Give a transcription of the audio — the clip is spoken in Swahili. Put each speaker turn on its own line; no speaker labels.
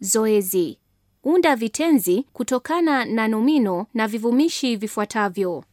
Zoezi: unda vitenzi kutokana na nomino na vivumishi vifuatavyo.